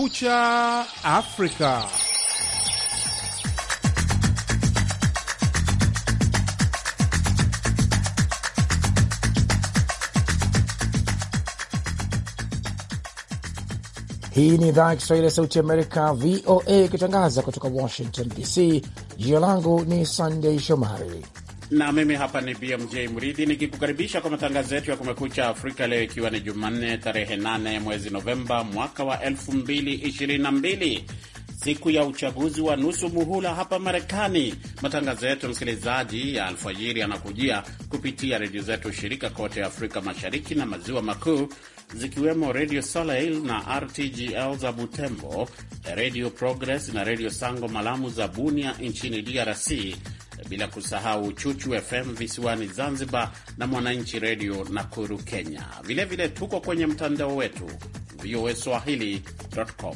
Kumekucha Afrika. Hii ni idhaa ya Kiswahili ya Sauti Amerika, VOA, ikitangaza kutoka Washington DC. Jina langu ni Sandei Shomari na mimi hapa ni BMJ Mridhi nikikukaribisha kwa matangazo yetu ya Kumekucha Afrika leo, ikiwa ni Jumanne tarehe 8 mwezi Novemba mwaka wa 2022 siku ya uchaguzi wa nusu muhula hapa Marekani. Matangazo yetu msikilizaji, ya alfajiri yanakujia kupitia redio zetu shirika kote Afrika Mashariki na Maziwa Makuu, zikiwemo Redio Soleil na RTGL za Butembo, Radio Progress na Redio Sango Malamu za Bunia nchini DRC, bila kusahau Chuchu FM visiwani Zanzibar na Mwananchi Redio Nakuru, Kenya. Vilevile vile tuko kwenye mtandao wetu VOA Swahili.com.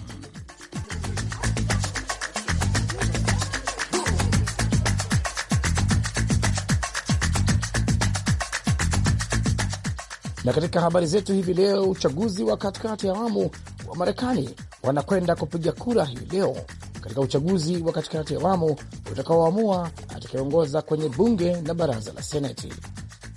Na katika habari zetu hivi leo, uchaguzi wa katikati ya awamu wa Marekani wanakwenda kupiga kura hii leo katika uchaguzi wa katikati ya awamu utakaoamua atakayeongoza kwenye bunge na baraza la Seneti.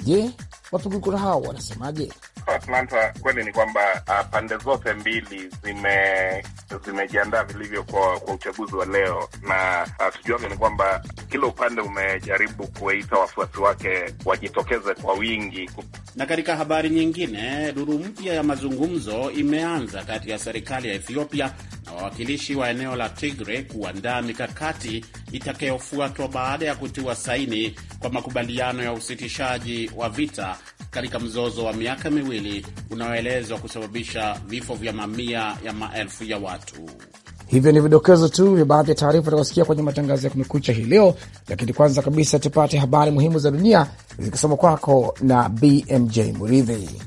Je, wapiga kura hao wanasemaje? Atlanta kweli ni kwamba uh, pande zote mbili zime zimejiandaa vilivyo kwa, kwa uchaguzi wa leo, na tujuavyo ah, ni kwamba kila upande umejaribu kuwaita wafuasi wake wajitokeze kwa wingi. Na katika habari nyingine, duru mpya ya mazungumzo imeanza kati ya serikali ya Ethiopia na wawakilishi wa eneo la Tigre kuandaa mikakati itakayofuatwa baada ya kutiwa saini kwa makubaliano ya usitishaji wa vita katika mzozo wa miaka miwili unaoelezwa kusababisha vifo vya mamia ya maelfu ya watu. Hivyo ni vidokezo tu vya baadhi ya taarifa utakasikia kwenye matangazo ya Kumekucha hii leo, lakini kwanza kabisa tupate habari muhimu za dunia zikisoma kwako na BMJ Muridhi.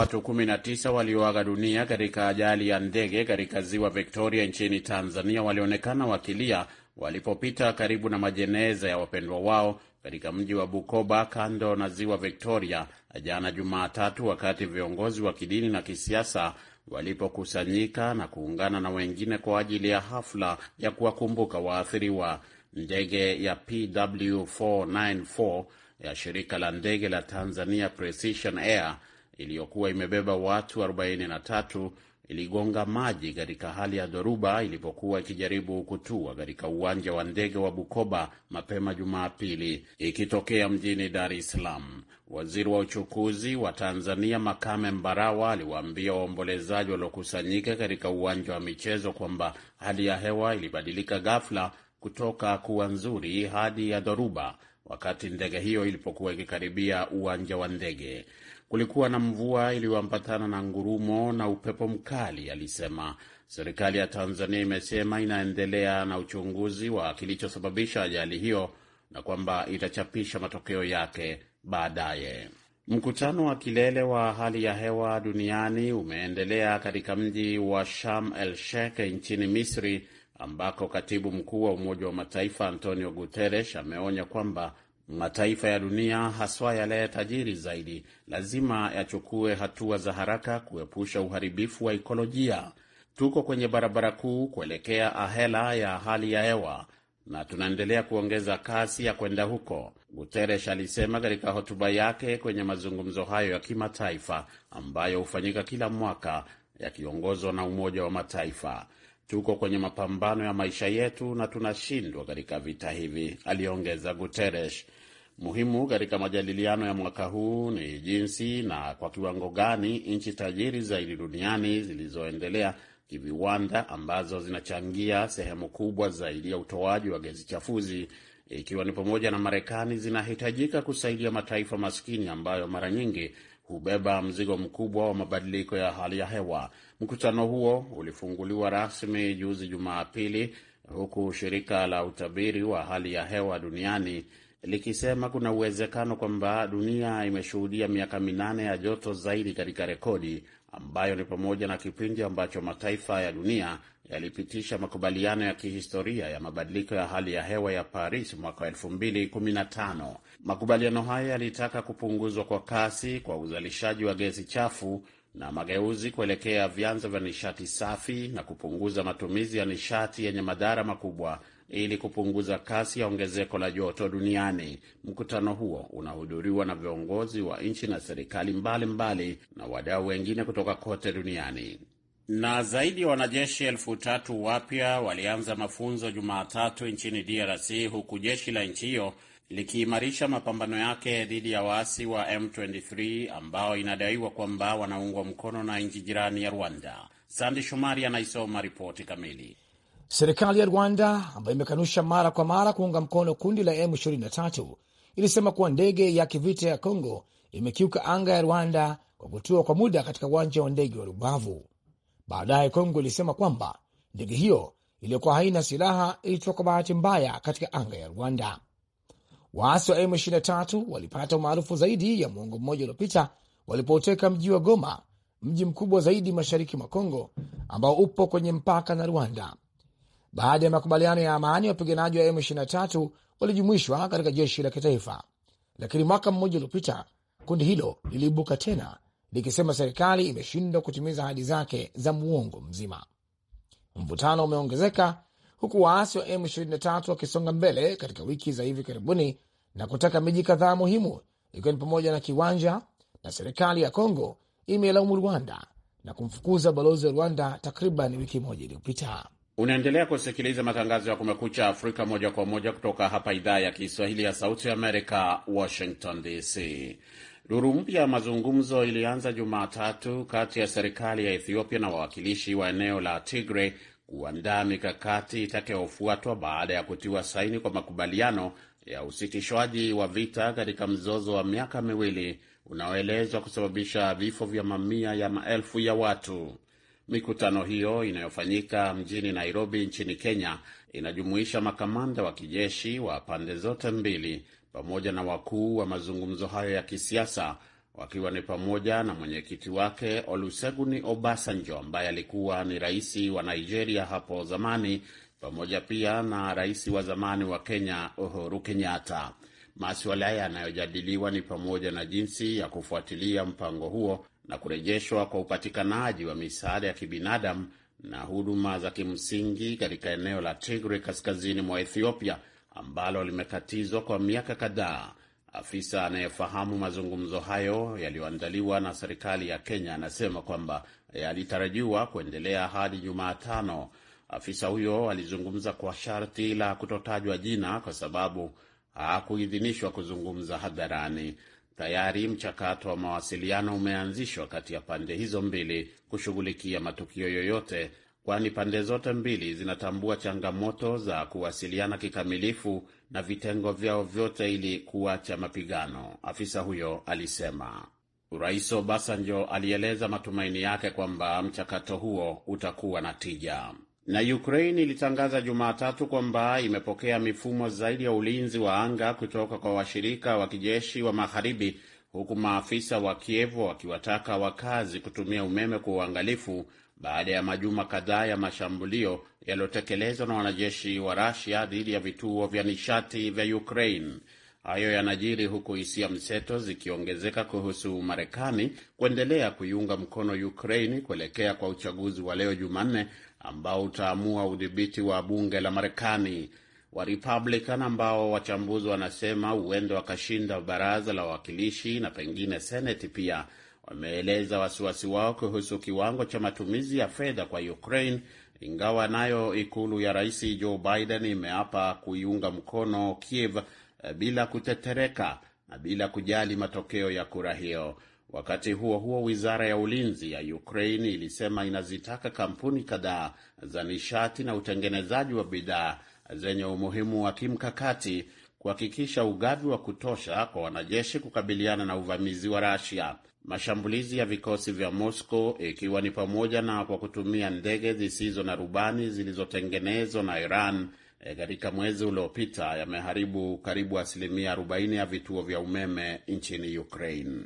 watu 19 walioaga dunia katika ajali ya ndege katika ziwa Victoria nchini Tanzania walionekana wakilia walipopita karibu na majeneza ya wapendwa wao katika mji wa Bukoba kando na ziwa Victoria jana Jumatatu, wakati viongozi wa kidini na kisiasa walipokusanyika na kuungana na wengine kwa ajili ya hafla ya kuwakumbuka waathiriwa. Ndege ya PW494 ya shirika la ndege la Tanzania Precision Air iliyokuwa imebeba watu 43 iligonga maji katika hali ya dhoruba ilipokuwa ikijaribu kutua katika uwanja wa ndege wa Bukoba mapema Jumapili ikitokea mjini Dar es Salaam. Waziri wa uchukuzi wa Tanzania Makame Mbarawa aliwaambia waombolezaji waliokusanyika katika uwanja wa michezo kwamba hali ya hewa ilibadilika ghafla kutoka kuwa nzuri hadi ya dhoruba wakati ndege hiyo ilipokuwa ikikaribia uwanja wa ndege. Kulikuwa na mvua iliyoambatana na ngurumo na upepo mkali, alisema. Serikali ya Tanzania imesema inaendelea na uchunguzi wa kilichosababisha ajali hiyo na kwamba itachapisha matokeo yake baadaye. Mkutano wa kilele wa hali ya hewa duniani umeendelea katika mji wa Sharm el Sheikh nchini Misri ambako katibu mkuu wa Umoja wa Mataifa Antonio Guterres ameonya kwamba Mataifa ya dunia haswa yale tajiri zaidi lazima yachukue hatua za haraka kuepusha uharibifu wa ikolojia. Tuko kwenye barabara kuu kuelekea ahela ya hali ya hewa na tunaendelea kuongeza kasi ya kwenda huko, Guterres alisema katika hotuba yake kwenye mazungumzo hayo ya kimataifa ambayo hufanyika kila mwaka yakiongozwa na Umoja wa Mataifa. Tuko kwenye mapambano ya maisha yetu na tunashindwa katika vita hivi, aliongeza Guterres. Muhimu katika majadiliano ya mwaka huu ni jinsi na kwa kiwango gani nchi tajiri zaidi duniani zilizoendelea kiviwanda, ambazo zinachangia sehemu kubwa zaidi ya utoaji wa gesi chafuzi, ikiwa ni pamoja na Marekani, zinahitajika kusaidia mataifa maskini ambayo mara nyingi hubeba mzigo mkubwa wa mabadiliko ya hali ya hewa. Mkutano huo ulifunguliwa rasmi juzi Jumapili, huku shirika la utabiri wa hali ya hewa duniani likisema kuna uwezekano kwamba dunia imeshuhudia miaka minane ya joto zaidi katika rekodi, ambayo ni pamoja na kipindi ambacho mataifa ya dunia yalipitisha makubaliano ya kihistoria ya mabadiliko ya hali ya hewa ya Paris mwaka 2015. Makubaliano hayo yalitaka kupunguzwa kwa kasi kwa uzalishaji wa gesi chafu na mageuzi kuelekea vyanzo vya nishati safi na kupunguza matumizi ya nishati yenye madhara makubwa ili kupunguza kasi ya ongezeko la joto duniani. Mkutano huo unahudhuriwa na viongozi wa nchi na serikali mbalimbali na wadau wengine kutoka kote duniani. Na zaidi ya wanajeshi elfu tatu wapya walianza mafunzo Jumatatu nchini DRC huku jeshi la nchi hiyo likiimarisha mapambano yake dhidi ya waasi wa M23 ambao inadaiwa kwamba wanaungwa mkono na nchi jirani ya Rwanda. Sandi Shomari anaisoma ripoti kamili. Serikali ya Rwanda ambayo imekanusha mara kwa mara kuunga mkono kundi la M23 ilisema kuwa ndege ya kivita ya congo imekiuka anga ya Rwanda kwa kutua kwa muda katika uwanja wa ndege wa Rubavu. Baadaye congo ilisema kwamba ndege hiyo iliyokuwa haina silaha ilitua kwa bahati mbaya katika anga ya Rwanda. Waasi wa M23 walipata umaarufu zaidi ya muongo mmoja uliopita walipoteka mji wa Goma, mji mkubwa zaidi mashariki mwa congo ambao upo kwenye mpaka na Rwanda. Baada ya makubaliano ya amani, wapiganaji wa M23 walijumuishwa katika jeshi la kitaifa, lakini mwaka mmoja uliopita kundi hilo liliibuka tena likisema serikali imeshindwa kutimiza ahadi zake za muongo mzima. Mvutano umeongezeka huku waasi wa M23 wakisonga mbele katika wiki za hivi karibuni na kutaka miji kadhaa muhimu ikiwa ni pamoja na Kiwanja, na serikali ya Kongo imelaumu Rwanda na kumfukuza balozi wa Rwanda takriban wiki moja iliyopita. Unaendelea kusikiliza matangazo ya Kumekucha Afrika moja kwa moja kutoka hapa idhaa ya Kiswahili ya Sauti ya Amerika, Washington DC. Duru mpya ya mazungumzo ilianza Jumatatu kati ya serikali ya Ethiopia na wawakilishi wa eneo la Tigre kuandaa mikakati itakayofuatwa baada ya kutiwa saini kwa makubaliano ya usitishwaji wa vita katika mzozo wa miaka miwili unaoelezwa kusababisha vifo vya mamia ya maelfu ya watu. Mikutano hiyo inayofanyika mjini Nairobi nchini Kenya inajumuisha makamanda wa kijeshi wa pande zote mbili pamoja na wakuu wa mazungumzo hayo ya kisiasa wakiwa ni pamoja na mwenyekiti wake oluseguni Obasanjo ambaye alikuwa ni rais wa Nigeria hapo zamani, pamoja pia na rais wa zamani wa Kenya Uhuru Kenyatta. Maswala yanayojadiliwa ni pamoja na jinsi ya kufuatilia mpango huo na kurejeshwa kwa upatikanaji wa misaada ya kibinadamu na huduma za kimsingi katika eneo la tigre kaskazini mwa Ethiopia ambalo limekatizwa kwa miaka kadhaa. Afisa anayefahamu mazungumzo hayo yaliyoandaliwa na serikali ya Kenya anasema kwamba yalitarajiwa kuendelea hadi Jumatano. Afisa huyo alizungumza kwa sharti la kutotajwa jina kwa sababu hakuidhinishwa kuzungumza hadharani. Tayari mchakato wa mawasiliano umeanzishwa kati ya pande hizo mbili kushughulikia matukio yoyote, kwani pande zote mbili zinatambua changamoto za kuwasiliana kikamilifu na vitengo vyao vyote ili kuacha mapigano, afisa huyo alisema. Rais Obasanjo alieleza matumaini yake kwamba mchakato huo utakuwa na tija. Na Ukraine ilitangaza Jumatatu kwamba imepokea mifumo zaidi ya ulinzi wa anga kutoka kwa washirika wa kijeshi wa magharibi, huku maafisa wa kievo wakiwataka wakazi kutumia umeme kwa uangalifu baada ya majuma kadhaa ya mashambulio yaliyotekelezwa na wanajeshi wa Rasia dhidi ya vituo vya nishati vya Ukraine. Hayo yanajiri huku hisia mseto zikiongezeka kuhusu Marekani kuendelea kuiunga mkono Ukraine kuelekea kwa uchaguzi wa leo Jumanne ambao utaamua udhibiti wa bunge la Marekani. Wa Republican ambao wachambuzi wanasema huenda wakashinda baraza la wawakilishi na pengine seneti pia, wameeleza wasiwasi wao kuhusu kiwango cha matumizi ya fedha kwa Ukraine, ingawa nayo ikulu ya rais Joe Biden imeapa kuiunga mkono Kiev eh, bila kutetereka na bila kujali matokeo ya kura hiyo. Wakati huo huo, wizara ya ulinzi ya Ukraine ilisema inazitaka kampuni kadhaa za nishati na utengenezaji wa bidhaa zenye umuhimu wa kimkakati kuhakikisha ugavi wa kutosha kwa wanajeshi kukabiliana na uvamizi wa Rasia. Mashambulizi ya vikosi vya Moscow, ikiwa ni pamoja na kwa kutumia ndege zisizo na rubani zilizotengenezwa na Iran eh, katika e mwezi uliopita yameharibu karibu asilimia 40 ya vituo vya umeme nchini Ukraine.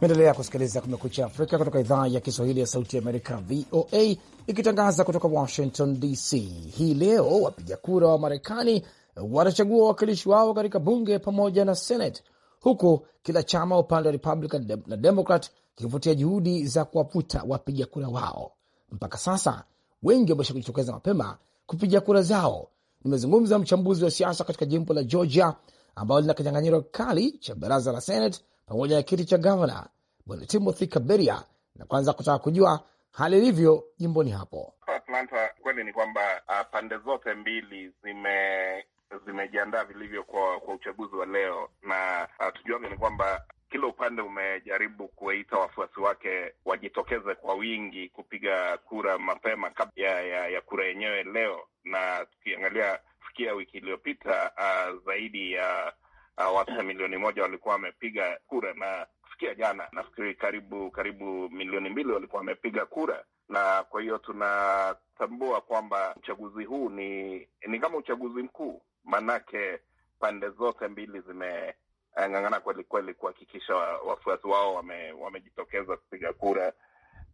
Endelea kusikiliza Kumekucha Afrika kutoka idhaa ya Kiswahili ya Sauti ya Amerika, VOA, ikitangaza kutoka Washington DC. Hii leo wapiga kura wa Marekani watachagua wawakilishi wao katika bunge pamoja na Senate, huku kila chama upande wa Republican na Democrat kikivutia juhudi za kuwafuta wapiga kura wao. Mpaka sasa wengi wamesha kujitokeza mapema kupiga kura zao nimezungumza mchambuzi wa siasa katika jimbo la Georgia ambalo lina kinyang'anyiro kikali cha baraza la Senate pamoja na kiti cha gavana, bwana Timothy Kaberia, na kwanza kutaka kujua hali ilivyo jimboni hapo Atlanta. Kweli ni kwamba uh, pande zote mbili zime zimejiandaa vilivyo kwa, kwa uchaguzi wa leo na uh, tujuavyo ni kwamba kila upande umejaribu kuwaita wafuasi wake wajitokeze kwa wingi kupiga kura mapema kabla ya, ya, ya kura yenyewe leo, na tukiangalia fikia wiki iliyopita uh, zaidi ya uh, uh, watu milioni moja walikuwa wamepiga kura na kufikia jana nafikiri karibu karibu milioni mbili walikuwa wamepiga kura, na kwa hiyo tunatambua kwamba uchaguzi huu ni ni kama uchaguzi mkuu, maanake pande zote mbili zime anang'ang'ana eh, kweli kweli kuhakikisha wafuasi wao wame, wamejitokeza kupiga kura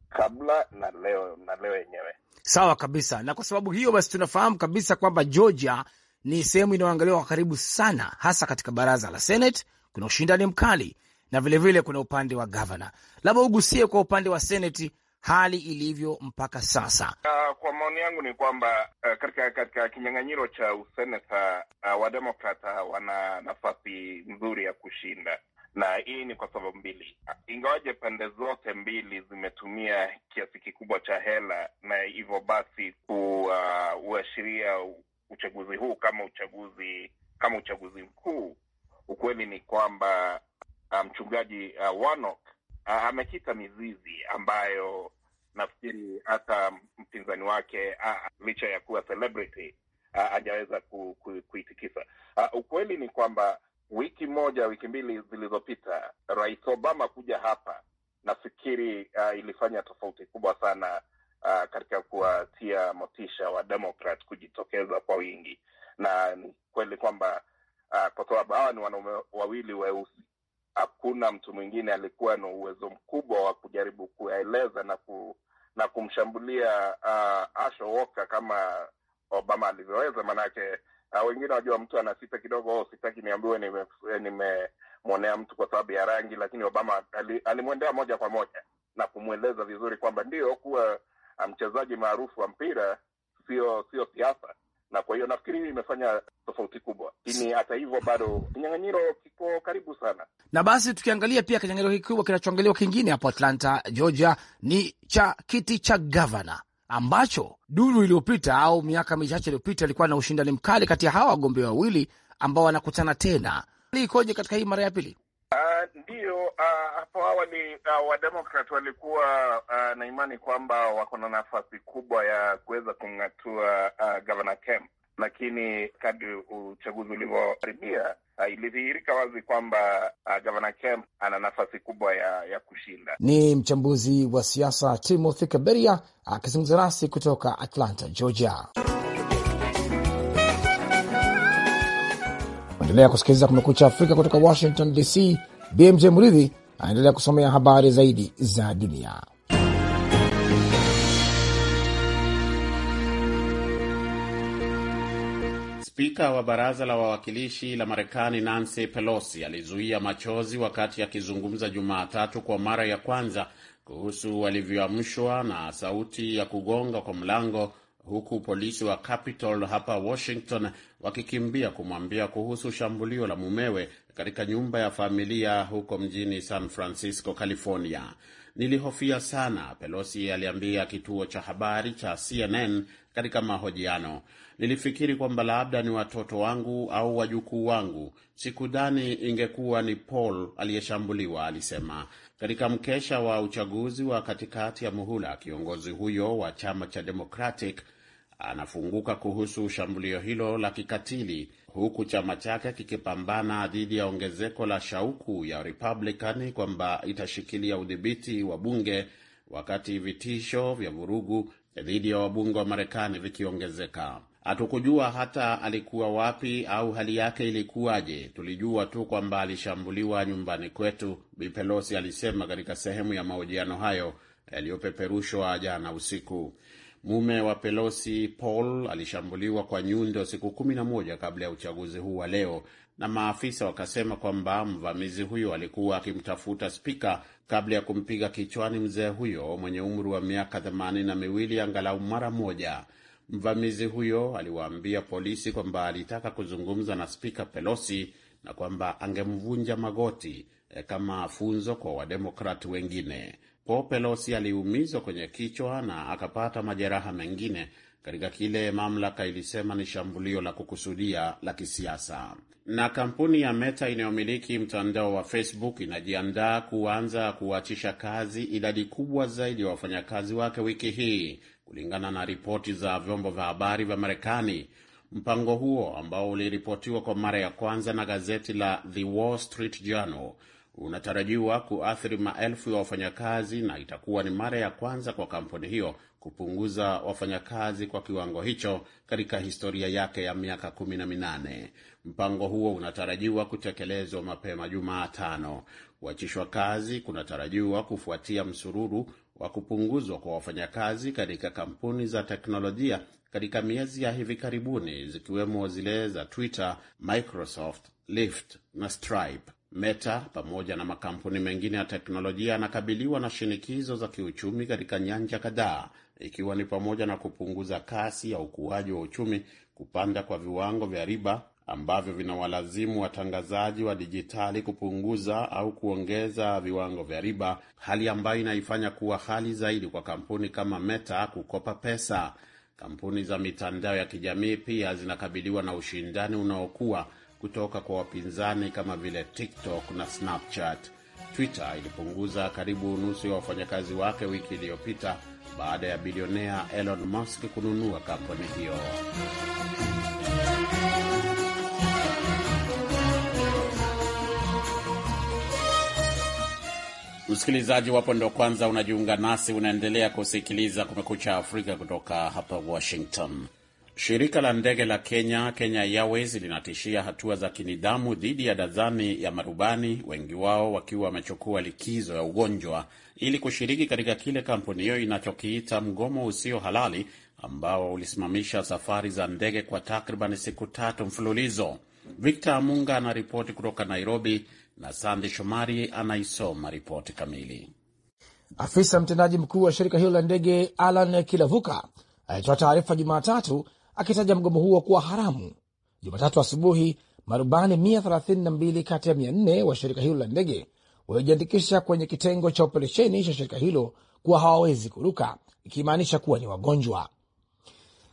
kabla na leo na leo yenyewe. Sawa kabisa, na kwa sababu hiyo basi tunafahamu kabisa kwamba Georgia ni sehemu inayoangaliwa kwa karibu sana, hasa katika baraza la Senate. Kuna ushindani mkali na vilevile vile kuna upande wa gavana. Labda ugusie kwa upande wa seneti, hali ilivyo mpaka sasa? Uh, kwa maoni yangu ni kwamba uh, katika katika kinyang'anyiro cha useneta uh, ah, wademokrata wana nafasi nzuri ya kushinda na hii ni kwa sababu mbili, ingawaje pande zote mbili zimetumia kiasi kikubwa cha hela na hivyo basi kuashiria ah, uh, uchaguzi huu kama uchaguzi kama uchaguzi mkuu. Ukweli ni kwamba mchungaji uh, Warnock Ah, amekita mizizi ambayo nafikiri hata mpinzani wake uh, licha ya kuwa celebrity ajaweza ku, ku, kuitikisa. Uh, ukweli ni kwamba wiki moja wiki mbili zilizopita Rais Obama kuja hapa nafikiri uh, ilifanya tofauti kubwa sana uh, katika kuwatia motisha wa Democrat kujitokeza kwa wingi, na ni kweli kwamba uh, kwa sababu hawa ni wanaume wawili weusi hakuna mtu mwingine alikuwa na uwezo mkubwa wa kujaribu kuyaeleza na ku, na kumshambulia uh, Asho Walker kama Obama alivyoweza. Maanake uh, wengine wajua, mtu anasita kidogo, oh, sitaki niambiwe nimemwonea nime mtu kwa sababu ya rangi, lakini Obama alimwendea moja kwa moja na kumweleza vizuri kwamba ndio kuwa mchezaji maarufu wa mpira sio sio siasa na kwa hiyo nafikiri imefanya tofauti kubwa, lakini hata hivyo bado kinyang'anyiro kiko karibu sana. Na basi tukiangalia pia kinyang'anyiro hiki kubwa kinachoangaliwa kingine hapo Atlanta, Georgia, ni cha kiti cha gavana ambacho duru iliyopita au miaka michache iliyopita ilikuwa na ushindani mkali kati ya hawa wagombea wawili ambao wanakutana tena. Hali ikoje katika hii mara ya pili? Uh, ndiyo uh, hapo awali uh, ah, wademokrat walikuwa uh, na imani kwamba wako na nafasi kubwa ya kuweza kumng'atua uh, gavana Kemp, lakini kadri uchaguzi ulivyoharibia uh, ilidhihirika wazi kwamba uh, gavana Kemp ana nafasi kubwa ya, ya kushinda. Ni mchambuzi wa siasa Timothy Kaberia akizungumza nasi kutoka Atlanta, Georgia. Endelea kusikiliza Kumekucha Afrika kutoka Washington DC. BMJ Mridhi anaendelea kusomea habari zaidi za dunia. Spika wa baraza la wawakilishi la Marekani Nancy Pelosi alizuia machozi wakati akizungumza Jumatatu kwa mara ya kwanza kuhusu walivyoamshwa na sauti ya kugonga kwa mlango, huku polisi wa Capitol hapa Washington wakikimbia kumwambia kuhusu shambulio la mumewe katika nyumba ya familia huko mjini San Francisco, California. Nilihofia sana, Pelosi aliambia kituo cha habari cha CNN katika mahojiano. Nilifikiri kwamba labda ni watoto wangu au wajukuu wangu, sikudhani ingekuwa ni Paul aliyeshambuliwa, alisema. Katika mkesha wa uchaguzi wa katikati ya muhula, kiongozi huyo wa chama cha Democratic anafunguka kuhusu shambulio hilo la kikatili huku chama chake kikipambana dhidi ya ongezeko la shauku ya Republican kwamba itashikilia udhibiti wa bunge wakati vitisho vya vurugu dhidi ya wabunge wa Marekani vikiongezeka. Hatukujua hata alikuwa wapi au hali yake ilikuwaje. Tulijua tu kwamba alishambuliwa nyumbani kwetu, Bi Pelosi alisema katika sehemu ya mahojiano hayo yaliyopeperushwa jana usiku. Mume wa Pelosi, Paul, alishambuliwa kwa nyundo siku kumi na moja kabla ya uchaguzi huu wa leo, na maafisa wakasema kwamba mvamizi huyo alikuwa akimtafuta spika kabla ya kumpiga kichwani mzee huyo mwenye umri wa miaka themanini na miwili angalau mara moja. Mvamizi huyo aliwaambia polisi kwamba alitaka kuzungumza na spika Pelosi na kwamba angemvunja magoti eh, kama funzo kwa Wademokrati wengine. Paul Pelosi aliumizwa kwenye kichwa na akapata majeraha mengine katika kile mamlaka ilisema ni shambulio la kukusudia la kisiasa. Na kampuni ya Meta inayomiliki mtandao wa Facebook inajiandaa kuanza kuachisha kazi idadi kubwa zaidi ya wa wafanyakazi wake wiki hii, kulingana na ripoti za vyombo vya habari vya Marekani. Mpango huo ambao uliripotiwa kwa mara ya kwanza na gazeti la The Wall Street Journal unatarajiwa kuathiri maelfu ya wafanyakazi na itakuwa ni mara ya kwanza kwa kampuni hiyo kupunguza wafanyakazi kwa kiwango hicho katika historia yake ya miaka kumi na minane. Mpango huo unatarajiwa kutekelezwa mapema Jumatano. Kuachishwa kazi kunatarajiwa kufuatia msururu wa kupunguzwa kwa wafanyakazi katika kampuni za teknolojia katika miezi ya hivi karibuni, zikiwemo zile za Twitter, Microsoft, Lyft na Stripe. Meta pamoja na makampuni mengine ya teknolojia yanakabiliwa na shinikizo za kiuchumi katika nyanja kadhaa, ikiwa ni pamoja na kupunguza kasi ya ukuaji wa uchumi, kupanda kwa viwango vya riba ambavyo vinawalazimu watangazaji wa dijitali kupunguza au kuongeza viwango vya riba, hali ambayo inaifanya kuwa hali zaidi kwa kampuni kama Meta kukopa pesa. Kampuni za mitandao ya kijamii pia zinakabiliwa na ushindani unaokuwa kutoka kwa wapinzani kama vile TikTok na Snapchat. Twitter ilipunguza karibu nusu ya wafanyakazi wake wiki iliyopita baada ya bilionea Elon Musk kununua kampuni hiyo. Msikilizaji wapo ndo kwanza unajiunga nasi, unaendelea kusikiliza Kumekucha Afrika kutoka hapa Washington. Shirika la ndege la Kenya, Kenya Airways, linatishia hatua za kinidhamu dhidi ya dazani ya marubani, wengi wao wakiwa wamechukua likizo ya ugonjwa ili kushiriki katika kile kampuni hiyo inachokiita mgomo usio halali, ambao ulisimamisha safari za ndege kwa takriban siku tatu mfululizo. Victor Amunga anaripoti kutoka Nairobi na Sandi Shomari anaisoma ripoti kamili. Afisa mtendaji mkuu wa shirika hilo la ndege Alan Kilavuka alitoa taarifa Jumatatu akitaja mgomo huo kuwa haramu. Jumatatu asubuhi, marubani 132 kati ya 400 wa shirika hilo la ndege waliojiandikisha kwenye kitengo cha operesheni cha shirika hilo kuwa hawawezi kuruka, ikimaanisha kuwa ni wagonjwa.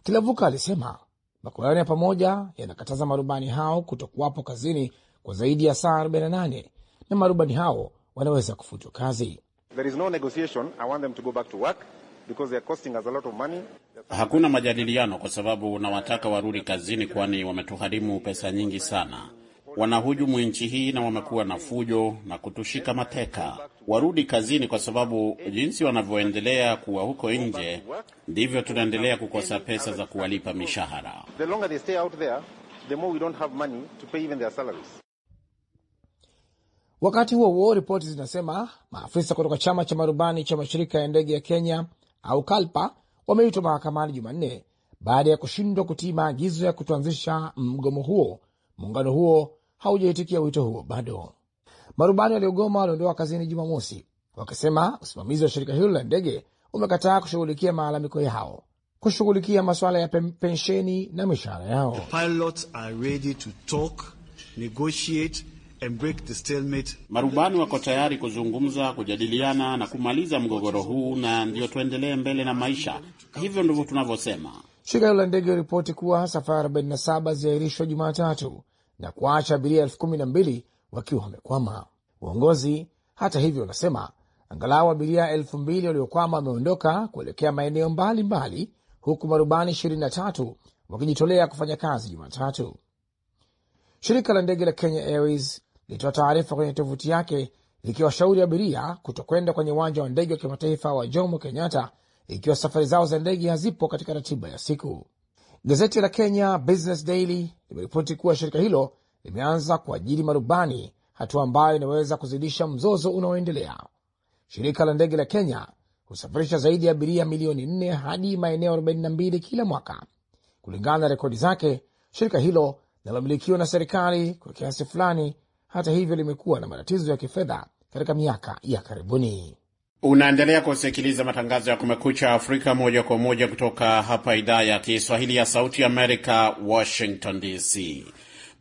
Kilavuka alisema makubaliano ya pamoja yanakataza marubani hao kutokuwapo kazini kwa zaidi ya saa 48 na marubani hao wanaweza kufutwa kazi. There is no negotiation. I want them to go back to work because they are costing us a lot of money. Hakuna majadiliano kwa sababu nawataka warudi kazini, kwani wametuharimu pesa nyingi sana. Wanahujumu nchi hii na wamekuwa na fujo na kutushika mateka. Warudi kazini, kwa sababu jinsi wanavyoendelea kuwa huko nje ndivyo tunaendelea kukosa pesa za kuwalipa mishahara. Wakati huo huo, ripoti zinasema maafisa kutoka chama cha marubani cha mashirika ya ndege ya Kenya au Kalpa wameitwa mahakamani Jumanne baada ya kushindwa kutii maagizo ya kutwanzisha mgomo huo. Muungano huo haujaitikia wito huo bado. Marubani waliogoma waliondoa kazini Jumamosi wakisema usimamizi wa shirika hilo la ndege umekataa kushughulikia maalamiko yao, kushughulikia masuala ya pensheni na mishahara yao. The pilots are ready to talk, negotiate and break the stalemate. Marubani wako tayari kuzungumza, kujadiliana na kumaliza mgogoro huu, na ndio tuendelee mbele na maisha. Hivyo ndivyo tunavyosema. Shirika la ndege ripoti kuwa safari 47 ziliahirishwa Jumatatu na kuacha abiria elfu kumi na mbili wakiwa wamekwama. Uongozi hata hivyo unasema angalau abiria elfu mbili waliokwama wameondoka kuelekea maeneo mbalimbali mbali, huku marubani 23 wakijitolea kufanya kazi Jumatatu. Shirika la ndege la Kenya Airways ilitoa taarifa kwenye tovuti yake ikiwashauri abiria kutokwenda kwenye uwanja wa ndege wa kimataifa wa Jomo Kenyatta ikiwa safari zao za ndege hazipo katika ratiba ya siku. Gazeti la Kenya Business Daily limeripoti kuwa shirika hilo limeanza kuajiri marubani, hatua ambayo inaweza kuzidisha mzozo unaoendelea. Shirika la ndege la Kenya husafirisha zaidi ya abiria milioni nne hadi maeneo 42 kila mwaka, kulingana na rekodi zake. Shirika hilo linalomilikiwa na serikali kwa kiasi fulani hata hivyo limekuwa na matatizo ya kifedha katika miaka ya karibuni. Unaendelea kusikiliza matangazo ya Kumekucha Afrika moja kwa moja kutoka hapa idhaa ya Kiswahili ya Sauti Amerika, Washington DC.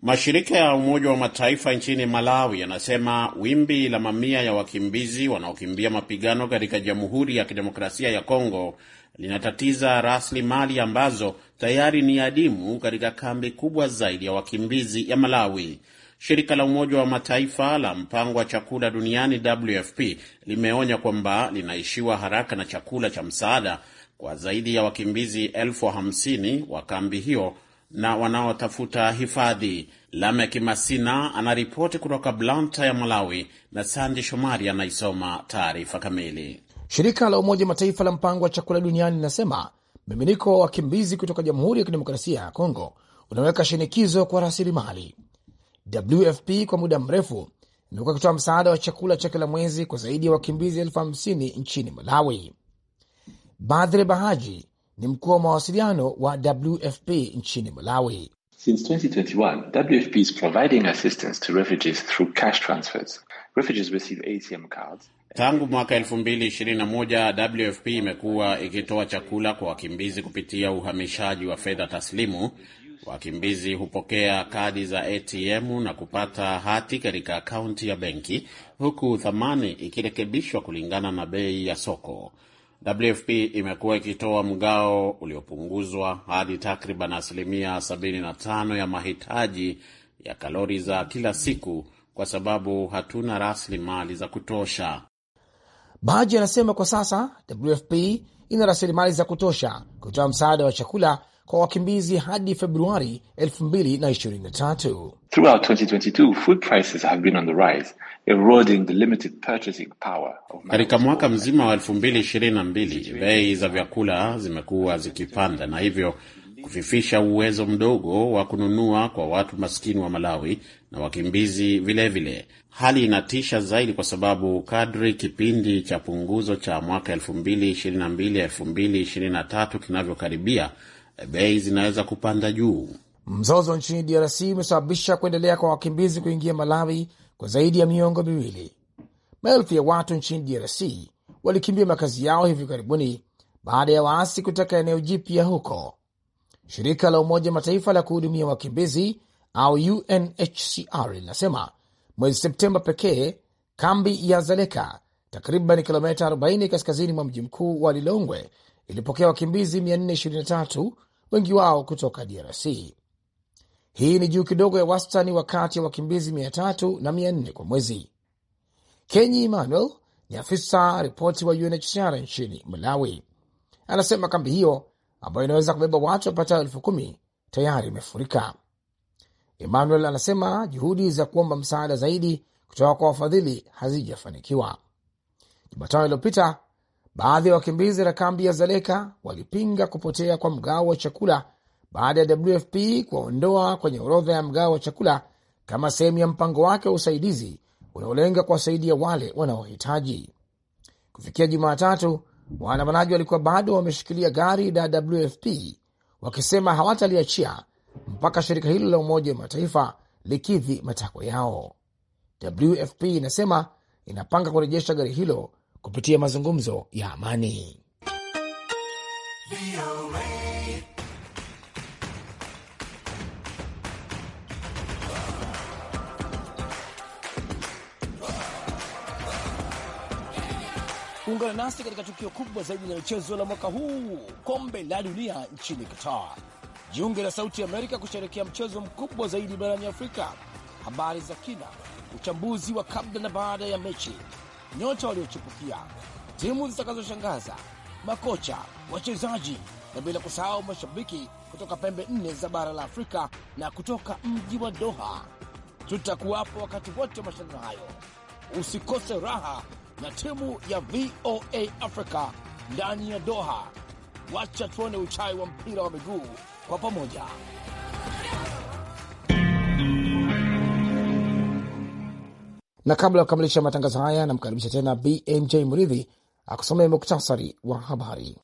Mashirika ya Umoja wa Mataifa nchini Malawi yanasema wimbi la mamia ya wakimbizi wanaokimbia mapigano katika Jamhuri ya Kidemokrasia ya Kongo linatatiza rasilimali ambazo tayari ni adimu katika kambi kubwa zaidi ya wakimbizi ya Malawi. Shirika la Umoja wa Mataifa la Mpango wa Chakula Duniani, WFP, limeonya kwamba linaishiwa haraka na chakula cha msaada kwa zaidi ya wakimbizi elfu hamsini wa kambi hiyo na wanaotafuta hifadhi. Lamek Masina anaripoti kutoka Blanta ya Malawi na Sandi Shomari anaisoma taarifa kamili. Shirika la Umoja Mataifa la Mpango wa Chakula Duniani linasema mmiminiko wa wakimbizi kutoka Jamhuri ya Kidemokrasia ya Kongo unaweka shinikizo kwa rasilimali. WFP kwa muda mrefu imekuwa ikitoa msaada wa chakula cha kila mwezi kwa zaidi ya wakimbizi elfu hamsini nchini Malawi. Badhre Bahaji ni mkuu wa mawasiliano wa WFP nchini Malawi. Since 2021, WFP is providing assistance to refugees through cash transfers. Refugees receive ATM cards. Tangu mwaka 2021 WFP imekuwa ikitoa chakula kwa wakimbizi kupitia uhamishaji wa fedha taslimu. Wakimbizi hupokea kadi za ATM na kupata hati katika akaunti ya benki, huku thamani ikirekebishwa kulingana na bei ya soko. WFP imekuwa ikitoa mgao uliopunguzwa hadi takriban asilimia 75 ya mahitaji ya kalori za kila siku kwa sababu hatuna rasilimali za kutosha. Baji anasema kwa sasa WFP ina rasilimali za kutosha kutoa msaada wa chakula kwa wakimbizi hadi Februari 2023. Katika mwaka mzima wa 2022, bei za vyakula zimekuwa zikipanda na hivyo kufifisha uwezo mdogo wa kununua kwa watu maskini wa Malawi na wakimbizi vilevile vile. Hali inatisha zaidi kwa sababu kadri kipindi cha punguzo cha mwaka 2022-2023 kinavyokaribia, bei zinaweza kupanda juu. Mzozo nchini DRC umesababisha kuendelea kwa wakimbizi kuingia Malawi kwa zaidi ya miongo miwili. Maelfu ya watu nchini DRC walikimbia makazi yao hivi karibuni baada ya waasi kutaka eneo jipya huko. Shirika la Umoja Mataifa la kuhudumia wakimbizi au UNHCR linasema Mwezi Septemba pekee, kambi ya Zaleka takriban kilomita 40 kaskazini mwa mji mkuu wa Lilongwe ilipokea wakimbizi 423 wengi wao kutoka DRC. Hii ni juu kidogo ya wastani wa kati ya wakimbizi 300 na 400 kwa mwezi. Kenyi Emmanuel ni afisa ripoti wa UNHCR nchini Malawi, anasema kambi hiyo ambayo inaweza kubeba watu wapatao elfu kumi tayari imefurika. Emmanuel anasema juhudi za kuomba msaada zaidi kutoka kwa wafadhili hazijafanikiwa. Jumatano iliyopita baadhi ya wakimbizi na kambi ya Zaleka walipinga kupotea kwa mgao wa chakula baada ya WFP kuwaondoa kwenye orodha ya mgao wa chakula kama sehemu ya mpango wake wa usaidizi unaolenga kuwasaidia wale wanaohitaji. Kufikia Jumatatu, waandamanaji walikuwa bado wameshikilia gari la WFP wakisema hawataliachia mpaka shirika hilo la Umoja wa Mataifa likidhi matakwa yao. WFP inasema inapanga kurejesha gari hilo kupitia mazungumzo ya amani. Ungana nasi katika tukio kubwa zaidi la michezo la mwaka huu, kombe la dunia nchini Qatar. Jiunge na Sauti Amerika kusherekea mchezo mkubwa zaidi barani Afrika, habari za kina, uchambuzi wa kabla na baada ya mechi, nyota waliochipukia, timu zitakazoshangaza, makocha, wachezaji na bila kusahau mashabiki kutoka pembe nne za bara la Afrika na kutoka mji wa Doha. Tutakuwapo wakati wote wa mashindano hayo, usikose raha na timu ya VOA Africa ndani ya Doha. Wacha tuone uchai wa mpira wa miguu kwa pamoja. Na kabla ya kukamilisha matangazo haya, namkaribisha tena BMJ Muridhi akusomea muktasari wa habari.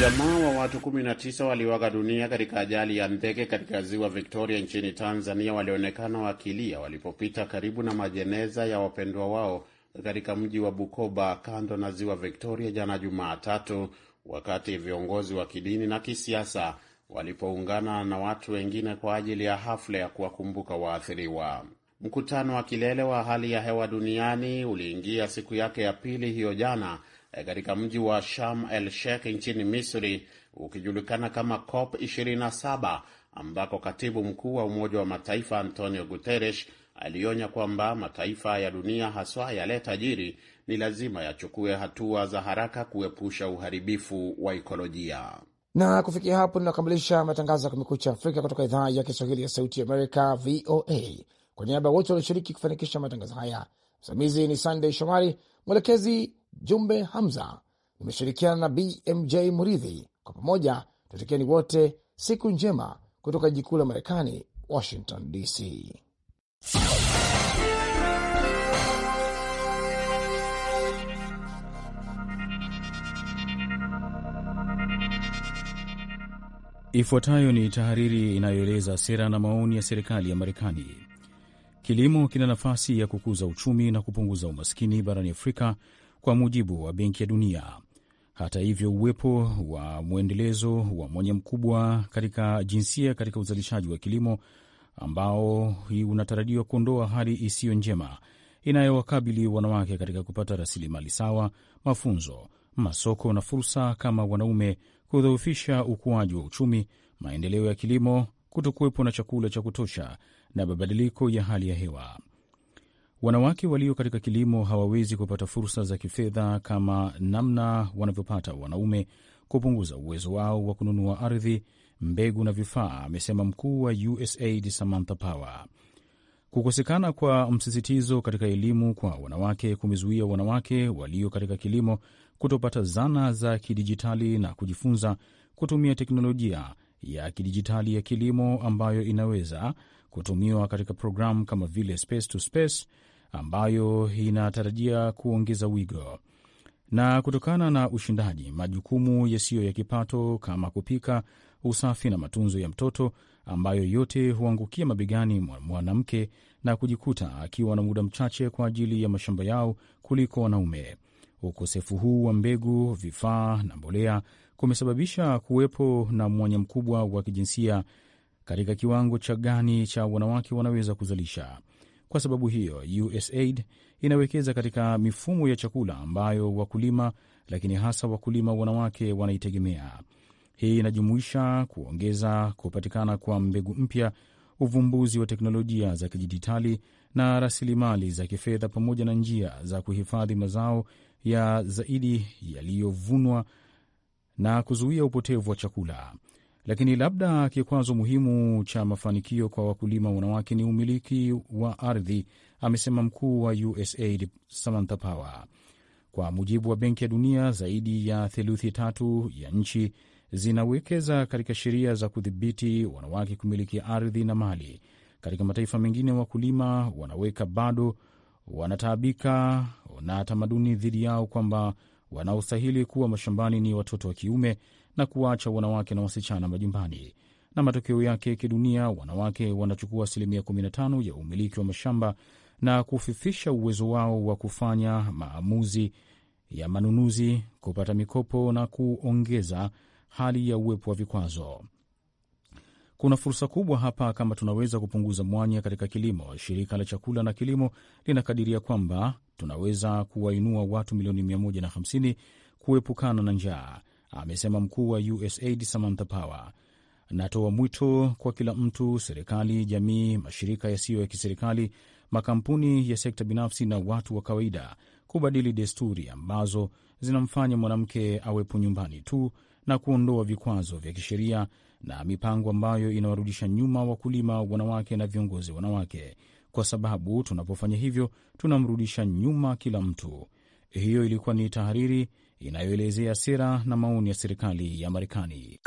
Jamaa wa watu 19 waliwaga dunia katika ajali ya ndege katika ziwa Victoria nchini Tanzania walionekana wakilia walipopita karibu na majeneza ya wapendwa wao katika mji wa Bukoba kando na ziwa Victoria jana Jumatatu, wakati viongozi wa kidini na kisiasa walipoungana na watu wengine kwa ajili ya hafla ya kuwakumbuka waathiriwa. Mkutano wa kilele wa hali ya hewa duniani uliingia siku yake ya pili hiyo jana eh, katika mji wa Sharm el Sheikh nchini Misri, ukijulikana kama COP 27 ambako katibu mkuu wa Umoja wa Mataifa Antonio Guterres alionya kwamba mataifa ya dunia haswa yale tajiri ni lazima yachukue hatua za haraka kuepusha uharibifu wa ikolojia. Na kufikia hapo, tunakamilisha matangazo ya Kumekucha Afrika kutoka idhaa ya Kiswahili ya Sauti Amerika, VOA. Kwa niaba ya wote walioshiriki kufanikisha matangazo haya, msimamizi ni Sandey Shomari, mwelekezi Jumbe Hamza, nimeshirikiana na BMJ Muridhi. Kwa pamoja tutakieni wote siku njema kutoka jikuu la Marekani, Washington DC. Ifuatayo ni tahariri inayoeleza sera na maoni ya serikali ya Marekani. Kilimo kina nafasi ya kukuza uchumi na kupunguza umaskini barani Afrika kwa mujibu wa Benki ya Dunia. Hata hivyo, uwepo wa mwendelezo wa mwanya mkubwa katika jinsia katika uzalishaji wa kilimo ambao unatarajiwa kuondoa hali isiyo njema inayowakabili wanawake katika kupata rasilimali sawa, mafunzo, masoko na fursa kama wanaume, kudhoofisha ukuaji wa uchumi, maendeleo ya kilimo, kutokuwepo na chakula cha kutosha na mabadiliko ya hali ya hewa. Wanawake walio katika kilimo hawawezi kupata fursa za kifedha kama namna wanavyopata wanaume, kupunguza uwezo wao wa kununua ardhi mbegu na vifaa, amesema mkuu wa USAID Samantha Power. Kukosekana kwa msisitizo katika elimu kwa wanawake kumezuia wanawake walio katika kilimo kutopata zana za kidijitali na kujifunza kutumia teknolojia ya kidijitali ya kilimo ambayo inaweza kutumiwa katika programu kama vile Space to Space ambayo inatarajia kuongeza wigo. Na kutokana na ushindaji, majukumu yasiyo ya kipato kama kupika usafi na matunzo ya mtoto ambayo yote huangukia mabegani mwa mwanamke na kujikuta akiwa na muda mchache kwa ajili ya mashamba yao kuliko wanaume. Ukosefu huu wa mbegu, vifaa na mbolea kumesababisha kuwepo na mwanya mkubwa wa kijinsia katika kiwango cha gani cha wanawake wanaweza kuzalisha. Kwa sababu hiyo, USAID inawekeza katika mifumo ya chakula ambayo wakulima, lakini hasa wakulima wanawake wanaitegemea. Hii inajumuisha kuongeza kupatikana kwa mbegu mpya, uvumbuzi wa teknolojia za kidijitali na rasilimali za kifedha, pamoja na njia za kuhifadhi mazao ya zaidi yaliyovunwa na kuzuia upotevu wa chakula. Lakini labda kikwazo muhimu cha mafanikio kwa wakulima wanawake ni umiliki wa ardhi, amesema mkuu wa USAID Samantha Power. Kwa mujibu wa Benki ya Dunia, zaidi ya theluthi tatu ya nchi zinawekeza katika sheria za kudhibiti wanawake kumiliki ardhi na mali. Katika mataifa mengine, wakulima wanaweka bado wanataabika na tamaduni dhidi yao kwamba wanaostahili kuwa mashambani ni watoto wa kiume na kuwaacha wanawake na wasichana majumbani. Na matokeo yake kidunia, wanawake wanachukua asilimia 15 ya umiliki wa mashamba na kufifisha uwezo wao wa kufanya maamuzi ya manunuzi, kupata mikopo na kuongeza hali ya uwepo wa vikwazo. Kuna fursa kubwa hapa kama tunaweza kupunguza mwanya katika kilimo. Shirika la chakula na kilimo linakadiria kwamba tunaweza kuwainua watu milioni 150 kuepukana na njaa, amesema mkuu wa USAID Samantha Power. Natoa mwito kwa kila mtu, serikali, jamii, mashirika yasiyo ya kiserikali, makampuni ya sekta binafsi na watu wa kawaida kubadili desturi ambazo zinamfanya mwanamke awepo nyumbani tu na kuondoa vikwazo vya kisheria na mipango ambayo inawarudisha nyuma wakulima wanawake na viongozi wanawake, kwa sababu tunapofanya hivyo tunamrudisha nyuma kila mtu. Hiyo ilikuwa ni tahariri inayoelezea sera na maoni ya serikali ya Marekani.